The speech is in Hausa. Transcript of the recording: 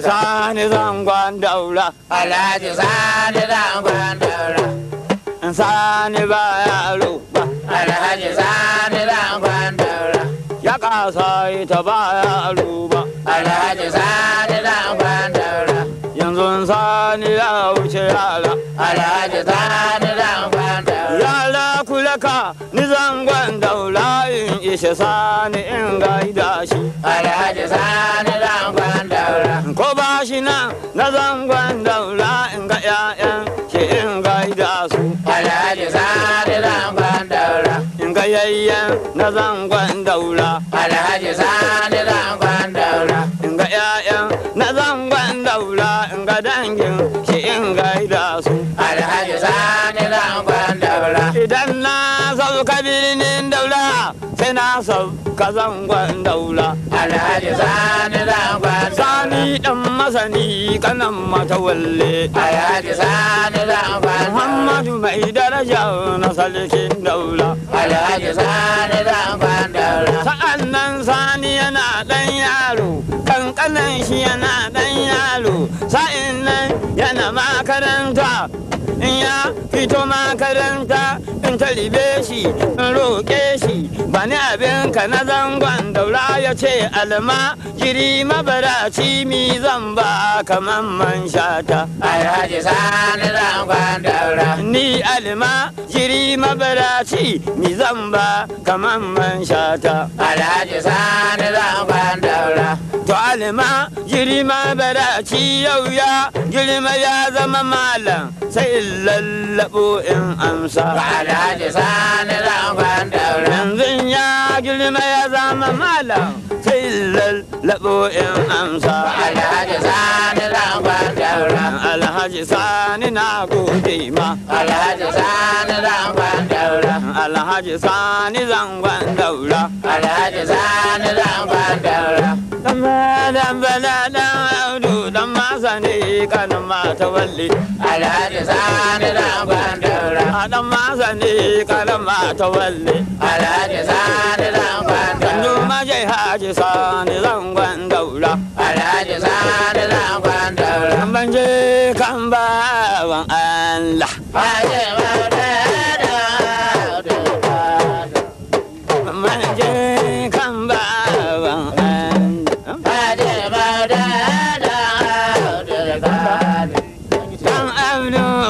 Sani zangon daura. Alhaji sani zangon gwandaura Sani ba yaro ba. Alhaji sani zangon daura. Ya kasa ita ba yaro ba. Alhaji sani zangon gwandaura Yanzu sani ya wuce yara. Alhaji sani shi sani in gaida shi alhaji sani zangon daura ko ba shi na na zangon daura in ga 'ya'yan shi in gaida su alhaji sani zangon daura in ga yayyan na zangon daura alhaji sani zangon daura in ga 'ya'yan na zangon daura in ga dangin shi in gaida su alhaji sani zangon daura idan na sauka birnin daura na sau ka zangon daula. Alhaji sani zangon Sani dan masani kanan mata walle Alhaji sani zangon Muhammadu mai daraja na salikin daula. Alhaji sani zangon daula. Sa'an nan sani yana dan yaro. Kankanan shi yana dan yaro. Sa'in nan yana makaranta. In ya fito makaranta zan talibe shi in roƙe shi ni abin ka na zangon daura ya ce alma jiri ci mi zan ba kaman man shata haji sani zangon daura ni alma jiri ci mi zan ba kaman man shata haji sani zangon daura malama girma bara ci yau ya girma ya zama malam sai lallabo in amsa alhaji sani lamban daura yanzu ya girma ya zama malam sai lallabo in amsa bala ji sani lamban daura alhaji sani na gode ma alhaji sani lamban daura alhaji sani zangon daura alhaji sani alhaji kanin mata walli alhaji sani dan kwandara adam masani kanin mata walli alhaji sani dan kwandara numa jai haji sani zan kwandara alhaji sani dan Kan ban je kan bawan allah